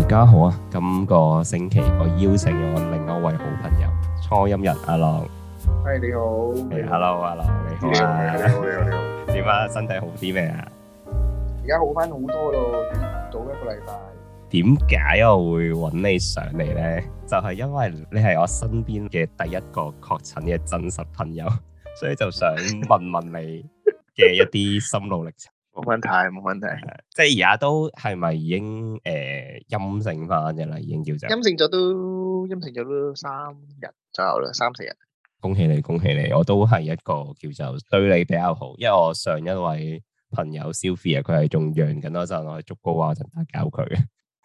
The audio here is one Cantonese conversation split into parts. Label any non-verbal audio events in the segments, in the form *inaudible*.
大家好啊！今個星期我邀請我另外一位好朋友初音人阿朗。嗨，你好。係、yeah，hello，hello，你好啊，你好。你好，你好，你好。點啊？身體好啲咩啊？而家好翻好多咯，早一個禮拜。點解我會揾你上嚟咧？就係因為你係我身邊嘅第一個確診嘅真實朋友，所以就想問問你嘅一啲心路歷程。 *laughs* 冇問題，冇問題。即係而家都係咪已經誒陰、呃、性翻嘅啦？已經叫做陰性咗，都陰性咗都三日左右啦，三四日。恭喜你，恭喜你！我都係一個叫做對你比較好，因為我上一位朋友 Sophia 佢係仲陽緊嗰陣，我捉高啊陣打攪佢。 *laughs*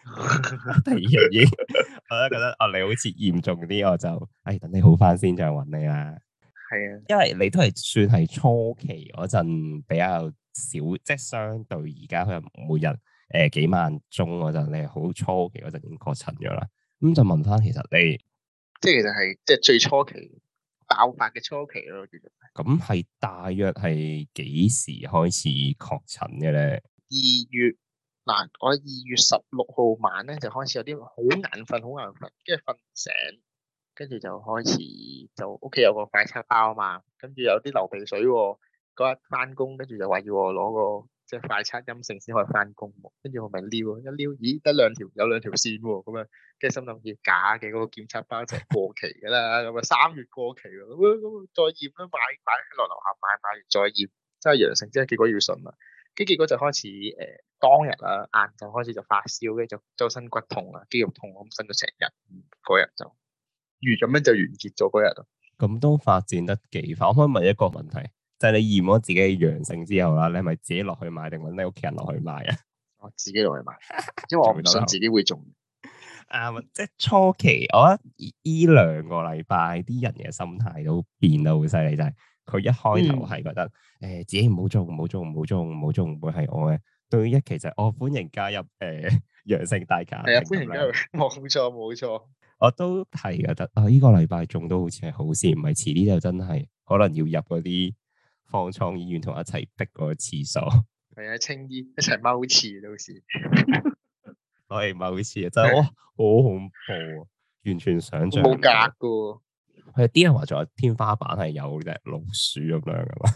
*laughs* *laughs* 第二樣嘢，我都覺得哦，你好似嚴重啲，我就誒、哎、等你好翻先，再揾你啦。係啊，因為你都係算係初期嗰陣比較。少即係相對而家佢係每日誒、呃、幾萬宗嗰陣，你係好初期嘅嗰陣已經確診咗啦。咁就問翻，其實你即係其實係即係最初期爆發嘅初期咯。其實咁係大約係幾時開始確診嘅咧？二月嗱，我二月十六號晚咧就開始有啲好眼瞓，好眼瞓，跟住瞓唔醒，跟住就開始就屋企有個快測包啊嘛，跟住有啲流鼻水喎、啊。嗰日翻工，跟住就話要我攞個即係快測陰性先可以翻工。跟住我咪撩一撩，咦得兩條，有兩條線喎、哦。咁樣跟住心諗件假嘅嗰、那個檢測包就過期㗎啦。咁啊 *laughs* 三月過期喎，咁再驗啦，買買落樓下買買完再驗，即、就、係、是、陽性，即係結果要信啦。跟結果就開始誒、呃，當日啊晏晝開始就發燒，跟住就周身骨痛啦，肌肉痛咁，伸咗成日嗰日就如咁樣就完結咗嗰日。咁都發展得幾快。我可以問一個問題？就係你驗咗自己嘅陽性之後啦，你係咪自己落去買定搵你屋企人落去買啊？我自己落去買，因為我唔想自己會中。啊、 *laughs* 嗯，即係初期，我覺得依兩個禮拜啲人嘅心態都變得好犀利，就係、是，佢一開頭係覺得誒、嗯欸，自己唔好中，唔好中，唔好中，唔好中，唔會係我嘅。到一期、就是，就係我歡迎加入誒陽性大家係歡迎加入，冇錯冇錯，我都係覺得啊，依、哦這個禮拜中都好似係好事，唔係遲啲就真係可能要入嗰啲。放創意員同一齊逼個廁所，係啊，青衣一齊踎廁，到時 *laughs* 、哎，係踎啊，真係哇，好恐怖啊！完全想象冇格噶，係啊，啲人話仲有天花板係有隻老鼠咁樣噶嘛，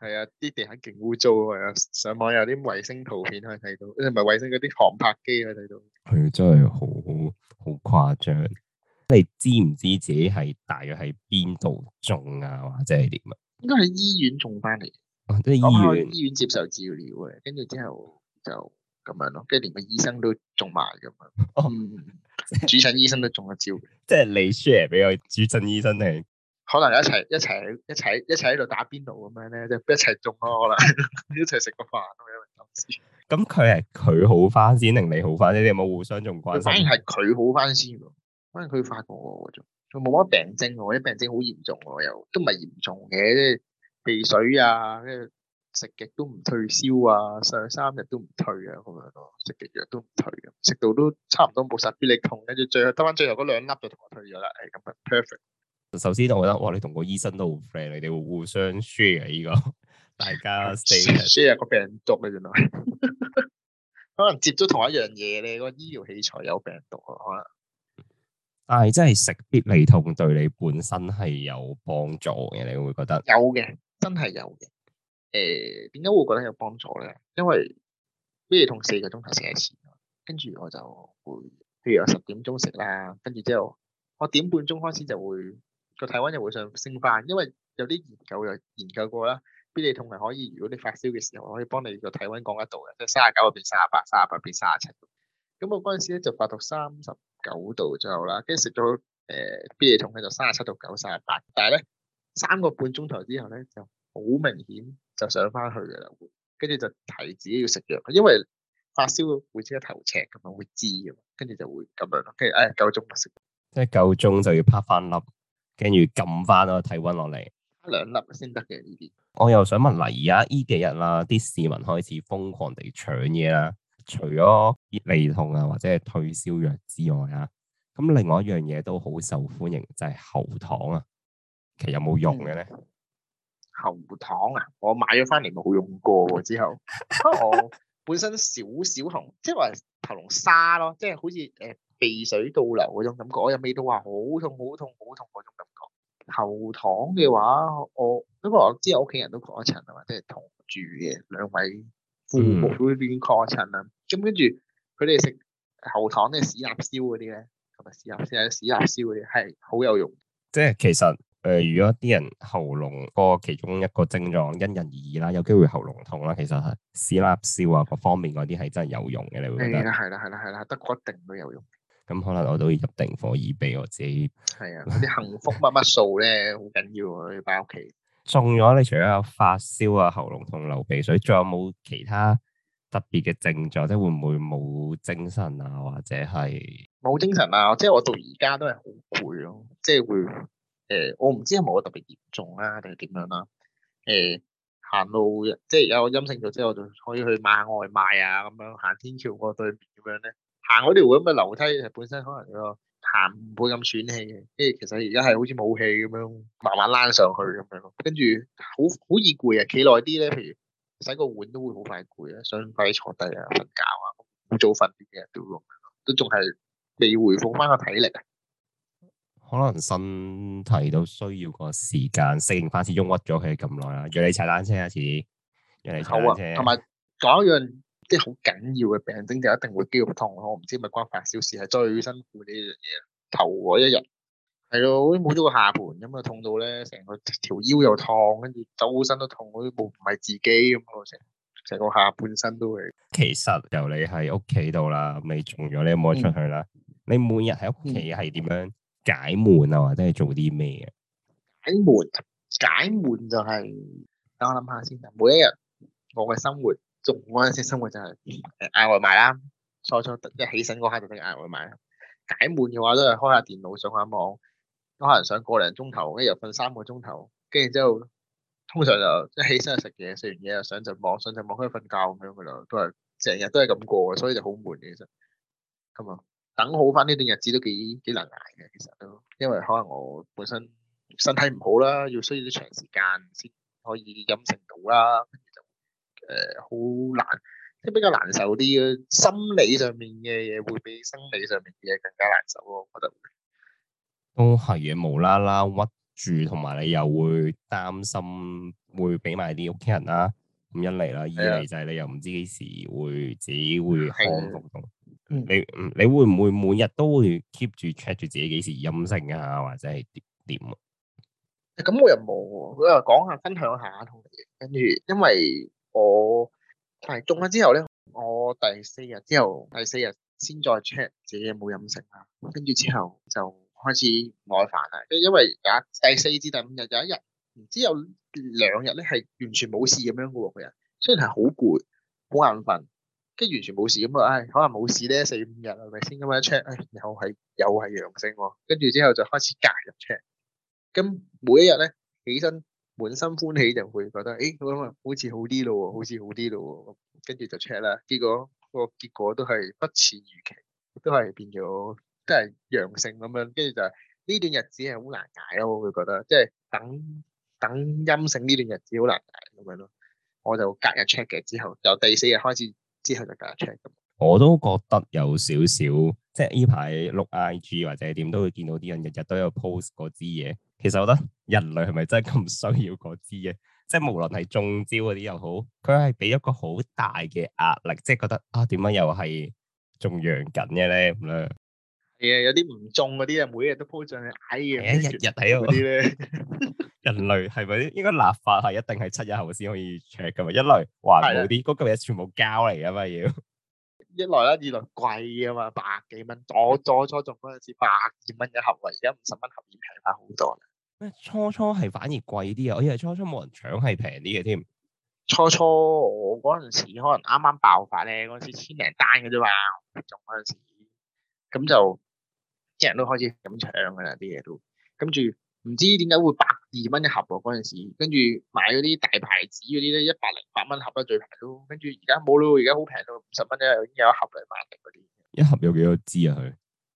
係啊，啲地下勁污糟啊！上網有啲衛星圖片可以睇到，你咪衛星嗰啲航拍機可以睇到，佢、嗯、真係好好好誇張。你知唔知自己係大約喺邊度中啊，或者係點啊？應該喺醫院中翻嚟，喺、哦就是、醫，醫院接受治療嘅，跟住之後就咁樣咯，跟住連個醫生都中埋咁樣，哦、嗯， *laughs* 主診醫生都中咗招，即係你 share 俾個主診醫生定可能一齊一齊一齊一齊喺度打邊爐咁樣咧，就一齊中咯，可能 *laughs* 一齊食個飯咁樣咁。咁佢係佢好翻先定你好翻，你哋有冇互相仲關心？反而係佢好翻先，反正佢發覺我仲冇乜病徵喎，啲病徵好嚴重喎，又都唔係嚴重嘅，即係鼻水啊，跟住食極都唔退燒啊，上三日都唔退啊，咁樣咯，食極藥都唔退嘅，食到都差唔多冇晒啲力痛，跟住最後得翻最後嗰兩粒就同我退咗啦，係咁啊 perfect。樣，就首先我覺得哇，你同個醫生都好 friend，你哋會互相 share 依、這個，大家 share 個病毒嘅原來， *laughs* *laughs* 可能接咗同一樣嘢你、那個醫療器材有病毒啊，可能。但係真係食必利痛對你本身係有幫助嘅，你會，會，覺，呃、會覺得有嘅，真係有嘅。誒，點解會覺得有幫助咧？因為必利痛四個鐘頭食一次，跟住我就會，譬如我十點鐘食啦，跟住之後我點半鐘開始就會個體溫就會上升翻，因為有啲研究又研究過啦，必利痛係可以，如果你發燒嘅時候可以幫你個體溫降一度嘅，即係三十九變三十八，三十八變三十七。咁我嗰陣時咧就發到三十，九度左右啦，跟住食咗誒必理痛喺度三十七度九、三十八。98, 但係咧，三個半鐘頭之後咧，就好明顯就上翻去嘅啦。跟住就提自己要食藥，因為發燒會即刻頭赤，咁樣會知嘅嘛，跟住就會咁樣咯。跟住誒夠鐘咪食，哎、即係夠鐘就要拍翻粒，跟住撳翻啊體温落嚟，兩粒先得嘅呢啲。我又想問嗱，而家呢幾日啦、啊，啲市民開始瘋狂地搶嘢啦。除咗熱利痛啊，或者係退燒藥之外啦、啊，咁另外一樣嘢都好受歡迎就係、是、喉糖啊。其實有冇用嘅咧、嗯？喉糖啊，我買咗翻嚟冇用過喎。之後我本身少少痛， *laughs* 即係話喉嚨沙咯，即係好似誒鼻水倒流嗰種感覺。我又未到話好痛、好痛、好痛嗰種感覺。喉糖嘅話，我因為我知我屋企人都講親，或者係同住嘅兩位父母嗰邊講親啦。嗯咁跟住佢哋食喉糖嘅使立消嗰啲咧，係咪使立消？使立消嗰啲係好有用。即係其實誒、呃，如果啲人喉嚨個其中一個症狀，因人而異啦，有機會喉嚨痛啦，其實使立消啊，各方面嗰啲係真係有用嘅。你會覺得係啦，係啦，係啦，得一定都有用。咁可能我都要入定貨以備我自己。係啊，啲幸福乜乜素咧好緊要，要擺屋企。中咗你除咗有發燒啊、喉嚨痛、流鼻水，仲有冇其他？特別嘅症狀，即係會唔會冇精神啊？或者係冇精神啊？即係我到而家都係好攰咯，即係會誒、欸，我唔知係咪我特別嚴重啊，定係點樣啦、啊？誒、欸，行路即係而家我陰性咗，之後我仲可以去買外賣啊，咁樣行天橋過對面咁樣咧，行嗰條咁嘅樓梯，本身可能個行唔會咁喘氣嘅，跟住其實而家係好似冇氣咁樣慢慢躝上去咁樣，跟住好好易攰啊，企耐啲咧，譬如。洗個碗都會好快攰啊！想快啲坐低啊、瞓覺啊，好早瞓啲嘅都仲都仲係未回復翻個體力啊。可能身體都需要個時間適應翻，始終屈咗佢咁耐啦。約你踩單車，一次你單車啊，遲啲。頭啊！同埋仲有一樣啲好緊要嘅病徵就一定會肌肉痛。我唔知咪關八小時係最辛苦呢樣嘢啊！頭嗰一日。係咯，我都冇咗個下盤，咁啊痛到咧，成個條腰又痛，跟住周身都痛，我都冇唔係自己咁咯，成成個下半身都。其實由你喺屋企度啦，未中咗你冇得出去啦，你每日喺屋企係點樣解悶啊，或者係做啲咩？解悶，解悶就係等我諗下先啊。每一日我嘅生活，仲嗰陣時生活就係嗌外賣啦，初初一起身嗰下就食嗌外賣。解悶嘅話都係開下電腦上下網。可能上個零鐘頭，一日瞓三個鐘頭，跟住之後通常就一起身去食嘢，食完嘢又上陣網，上陣網可以瞓覺咁樣，佢就都係成日都係咁過，所以就好悶嘅其實。咁、嗯、啊，等好返呢段日子都幾幾難捱嘅其實都，因為可能我本身身體唔好啦，要需要啲長時間先可以恢復到啦，跟住誒好難，即係比較難受啲咯。心理上面嘅嘢會比生理上面嘅嘢更加難受咯，我覺得。都係嘅，無啦啦屈住，同埋你又會擔心會俾埋啲屋企人啦。咁一嚟啦，二嚟就係你又唔知幾時會自己會康唔康。你你會唔會每日都會 keep 住 check 住自己幾時陰性啊，或者係點啊？咁我又冇，佢又講下分享下，同跟住，因為我係中咗之後咧，我第四日之後，第四日先再 check 自己有冇陰性啊，跟住之後就。開始耐煩啊，即係因為啊第四至第五日有一日唔知有兩日咧係完全冇事咁樣噶喎，個人雖然係好攰好眼瞓，跟住完全冇事咁啊，唉可能冇事咧四五日係咪先咁樣 check，唉又係又係陽性，跟住之後就開始隔日 check，咁每一日咧起身滿心歡喜就會覺得誒，我諗啊好似好啲咯，好似好啲咯，跟住就 check 啦，結果個結果都係不似預期，都係變咗。即係陽性咁樣，跟住就係、是、呢段日子係好難捱咯，我會覺得即係等等陰性呢段日子好難捱咁樣咯。我就隔日 check 嘅，之後由第四日開始，之後就隔日 check 咁。我都覺得有少少，即係呢排碌 IG 或者點都會見到啲人日日都有 post 嗰支嘢。其實我覺得人類係咪真係咁需要嗰支嘢？即係無論係中招嗰啲又好，佢係俾一個好大嘅壓力，即係覺得啊，點解又係仲陽緊嘅咧咁咧？係有啲唔中嗰啲啊，每日都鋪上去，哎呀，日日睇嗰啲咧。呢 *laughs* 人類係咪應該立法係一,一定係七日後先可以 check 噶嘛？一來還好啲，嗰啲嘢全部膠嚟噶嘛要。 *laughs* 一來啦，二來貴啊嘛，百幾蚊。我最初種嗰陣時，百幾蚊一盒，或者五十蚊盒，已經平翻好多。初初係反而貴啲啊？我以為初初冇人搶係平啲嘅添。初初我嗰陣時可能啱啱爆發咧，嗰時千零單嘅啫嘛，仲嗰陣時，咁就。啲人都開始咁搶噶啦，啲嘢都跟住唔知點解會百二蚊一盒喎、啊、嗰時，跟住買嗰啲大牌子嗰啲咧一百零八蚊盒都、啊、最平都、啊、跟住、啊、而家冇咯，而家好平到五十蚊一日已經有一盒嚟買嗰啲。一盒有幾多支啊？佢？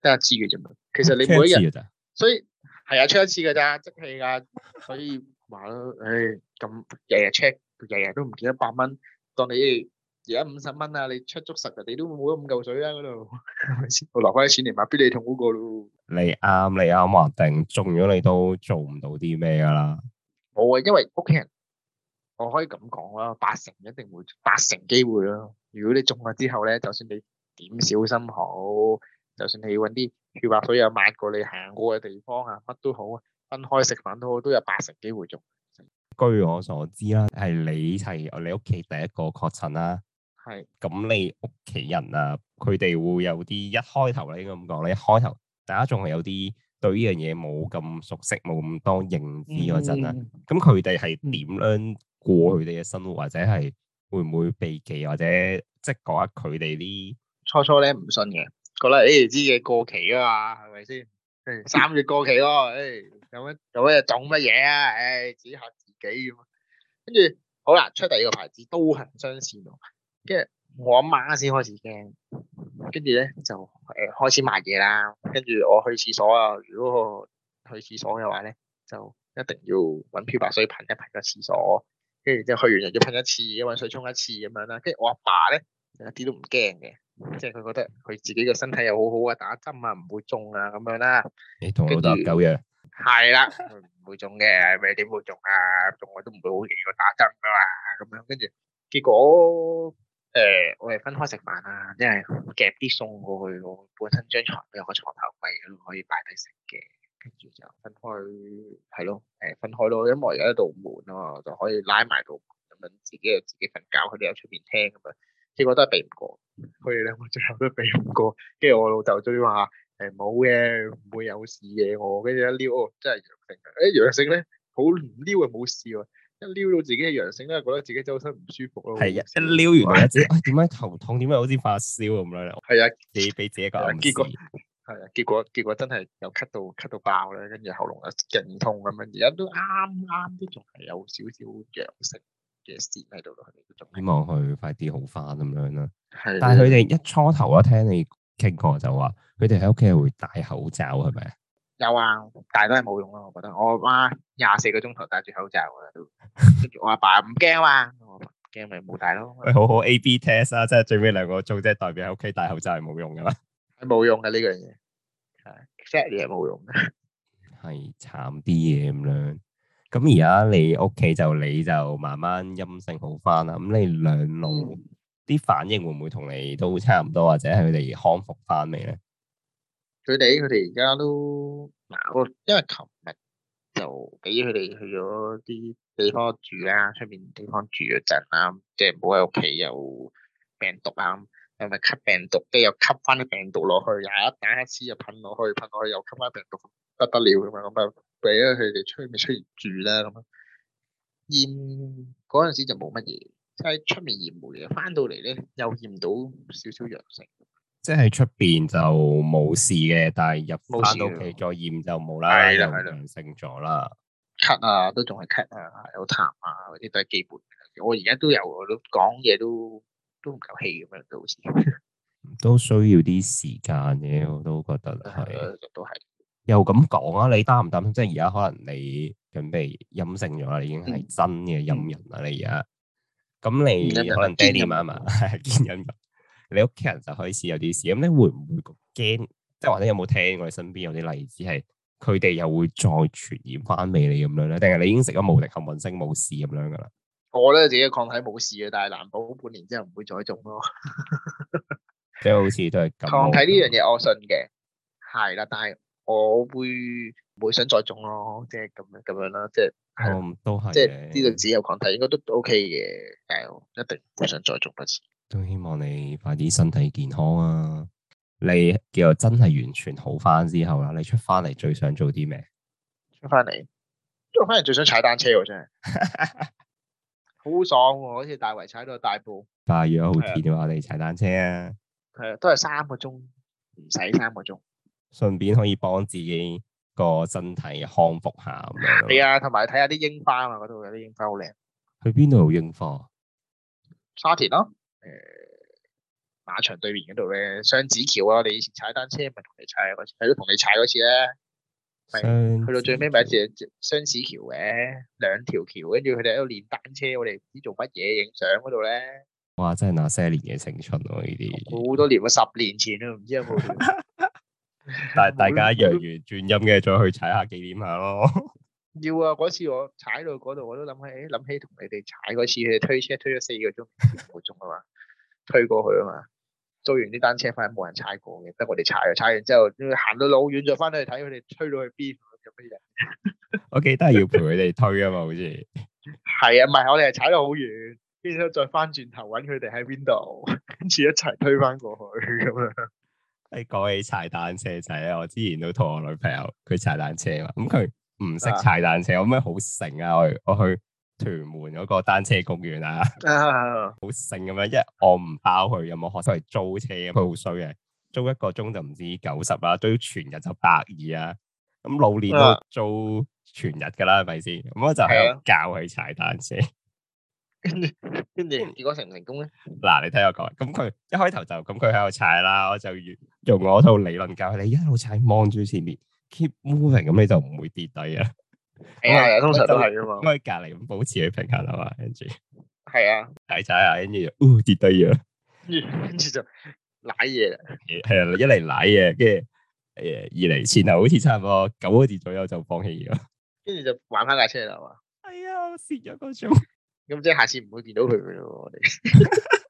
得一支嘅啫嘛，其實你每一日，所以係啊，出一次嘅咋，即棄㗎、啊，所以話咯，唉、哎，咁日日 check，日日都唔見一百蚊，當你。而家五十蚊啊！你出足十日，你都冇咗五嚿水啊！嗰度，我留翻啲錢嚟買俾你痛好過咯。你啱，你啱話定中咗，你都做唔到啲咩噶啦。冇啊，因為屋企人，我可以咁講啦，八成一定會，八成機會啦。如果你中咗之後咧，就算你點小心好，就算你要搵啲漂白水又抹過你行過嘅地方啊，乜都好啊，分開食飯都好，都有八成機會中。據我所知啦，係你係你屋企第一個確診啦。係咁，是你屋企人啊，佢哋會有啲一,一開頭咧應該咁講咧，一開頭大家仲係有啲對呢樣嘢冇咁熟悉，冇咁多認知嗰陣啊。咁佢哋係點樣過佢哋嘅生活，或者係會唔會避忌，或者即係講下佢哋呢？初初咧唔信嘅，覺得誒呢啲嘢過期啊嘛，係咪先？三月過期咯，誒、 *laughs* 哎，有乜有乜種乜嘢啊？誒、哎，指下自己咁。跟住好啦，出第二個牌子都係雙線跟住我阿媽先開始驚，跟住咧就誒、呃、開始買嘢啦。跟住我去廁所啊，如果我去廁所嘅話咧，就一定要揾漂白水噴一噴個廁所。跟住之後就去完又要噴一次，揾水沖一次咁樣啦。跟住我阿爸咧一啲都唔驚嘅，即係佢覺得佢自己嘅身體又好好啊，打針啊唔會中啊咁樣啦。你同我老豆唔夠樣。係啦，唔會中嘅，咩點會中啊？中我都唔會好驚要打針噶嘛，咁樣跟住結果。誒、呃，我哋分開食飯啦，即係夾啲餸過去。我本身張床都有個床頭櫃，嗰度可以擺低食嘅。跟住就分開，係咯，誒、呃、分開咯。因為而家有道門啊，就可以拉埋道門，咁樣自己又自己瞓覺，佢哋又出邊聽咁樣。結果都係避唔過，佢哋兩個最後都避唔過。跟住我老豆終於話：冇、欸、嘅，唔會有事嘅我。跟住一撩，哦，真係陽性啊！誒、欸、陽性咧，好撩又冇事喎。一撩到自己嘅陽性咧，覺得自己周身唔舒服咯。係啊的，一撩完啊，自己點解頭痛？點解 *laughs* 好似發燒咁樣？係啊的，自己俾自己一個暗示。係啊，結果結果,結果真係又咳到咳到爆咧，跟住喉嚨又勁痛咁樣。而家都啱啱都仲係有少少陽性嘅線喺度咯，希望佢快啲好翻咁樣啦。係的，但係佢哋一初頭一聽你傾過就話，佢哋喺屋企係會戴口罩，係咪？有啊，但係都係冇用咯，我覺得我阿媽廿四個鐘頭戴住口罩 *laughs* 我爸爸啊，都我阿爸唔驚啊嘛，驚咪冇戴咯。好好 A B test 啊，即係最尾兩個鐘，即係代表喺屋企戴口罩係冇用噶啦，係冇用嘅呢樣嘢，係 Exactly 冇用嘅，係慘啲嘢咁樣。咁而家你屋企就你就慢慢陰性好翻啦。咁你兩路啲、嗯、反應會唔會同你都差唔多，或者係佢哋康復翻嚟？咧佢哋佢哋而家都嗱個，因為琴日就俾佢哋去咗啲地方住啦、啊，出面地方住咗陣啦，即係唔好喺屋企又病毒啊，係咪吸病毒？即又吸翻啲病毒落去，又一打一次又噴落去，噴落去又吸翻病毒，不得了咁啊！咁啊俾咗佢哋出咪出嚟住啦咁啊，驗嗰陣時就冇乜嘢，即係出面驗冇嘢，翻到嚟咧又驗到少少陽性。即係出邊就冇事嘅，但係入翻到屋企再驗就無啦啦又陽性咗啦。咳啊，都仲係咳啊，有痰啊，嗰啲都係基本。我而家都有，我都講嘢都都唔夠氣咁樣，到時都需要啲時間嘅，我都覺得係，都係。又咁講啊？你擔唔擔心？即係而家可能你準備陰性咗啦，你已經係真嘅陰人啦。你而家咁你可能爹哋媽咪係陰人。你屋企人就開始有啲事，咁你會唔會驚？即係或者你有冇聽我哋身邊有啲例子係佢哋又會再傳染翻嚟你咁樣咧？定係你已經食咗無敵行運星冇事咁樣㗎啦？我咧自己抗體冇事嘅，但係難保半年之後唔會再中咯。 *laughs* 即係好似都係咁。抗體呢樣嘢我信嘅，係啦，但係我會唔會想再中咯？即係咁樣咁、就是、樣啦，即、就、係、是。嗯，都係。即係呢道自己有抗體應該都 OK 嘅，但係我一定唔會想再中一次。都希望你快啲身體健康啊！你叫真係完全好翻之後啦，你出翻嚟最想做啲咩？出翻嚟，出翻嚟最想踩單車喎、啊！真係好 *laughs* *laughs* 爽、啊，好似大圍踩到大埔。大約好似點我哋踩單車啊，係啊，都係三個鐘，唔使三個鐘，順便可以幫自己個身體康復下咁樣。係啊，同埋睇下啲櫻花，櫻花啊，嗰度有啲櫻花好靚。去邊度櫻花？沙田咯。誒、呃，馬場對面嗰度咧雙子橋啊！我哋以前踩單車咪同你踩次，係都同你踩嗰次咧，係去到最尾咪一次雙、啊、子橋嘅兩條橋，跟住佢哋喺度練單車，我哋唔知做乜嘢影相嗰度咧。呢哇！真係那年、啊、些年嘅青春咯，呢啲好多年啊，十年前都唔知有冇。 *laughs* *laughs* 但係大家若完轉陰嘅，再去踩下紀念下咯。要啊！嗰次我踩到嗰度，我都諗起，諗起同你哋踩嗰次，佢推車推咗四個鐘、五個鐘啊嘛，推過去啊嘛，租完啲單車翻去冇人踩過嘅，得我哋踩，踩完之後行到老遠再翻去睇佢哋推到去邊咁樣。我記得係要陪佢哋推啊嘛，好似係啊，唔係我哋係踩到好遠，跟住之後再翻轉頭搵佢哋喺邊度，跟住一齊推翻過去咁樣。你講起踩單車仔咧，我之前都同我女朋友佢踩單車啊嘛，咁佢。唔識踩單車，我咩好成啊！我去我去屯門嗰個單車公園啊，好成咁樣，因為我唔包佢，有冇學生嚟租車？佢好衰嘅，租一個鐘就唔止九十啦，租全日就百二啊！咁老年都租全日噶啦，係咪先？咁我就喺度教佢踩單車，跟住跟住，結果成唔成功咧？嗱，你睇我講，咁佢一開頭就咁佢喺度踩啦，我就用用我套理論教佢，你一路踩，望住前面。Keep moving，咁你就唔會跌低啊！係啊、哎呀，嗯、通常都係噶嘛，喺隔籬咁保持佢平衡啊嘛。跟住係啊，仔仔啊，跟住，哦跌低咗，跟住就舐嘢啦。係 *laughs* 啊，一嚟舐嘢，跟住誒二嚟前後好似差唔多，九個字左右，就放棄咗。跟住就玩翻架車啦！係啊，跌咗個鐘，咁即係下次唔會見到佢噶咯。我哋。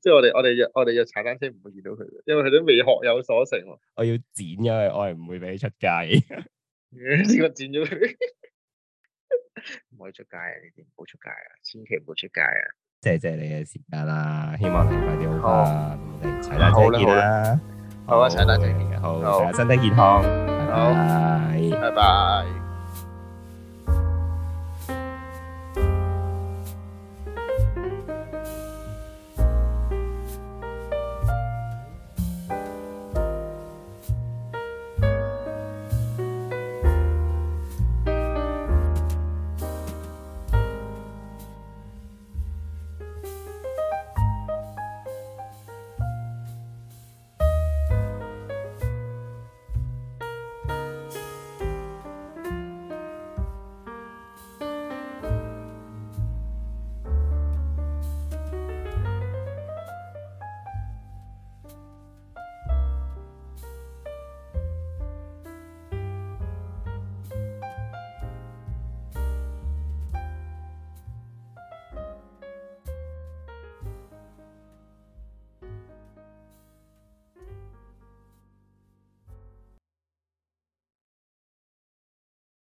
即係我哋，我哋要，我哋要踩單車，唔會見到佢，因為佢都未學有所成。我要剪，因為我係唔會俾佢出街。你先個剪咗佢，唔可以出街啊！呢啲唔好出街啊，千祈唔好出街啊！謝謝你嘅時間啦，希望你快啲好啦。好啦，踩單車見啦。好，大家身體健康。好，拜拜。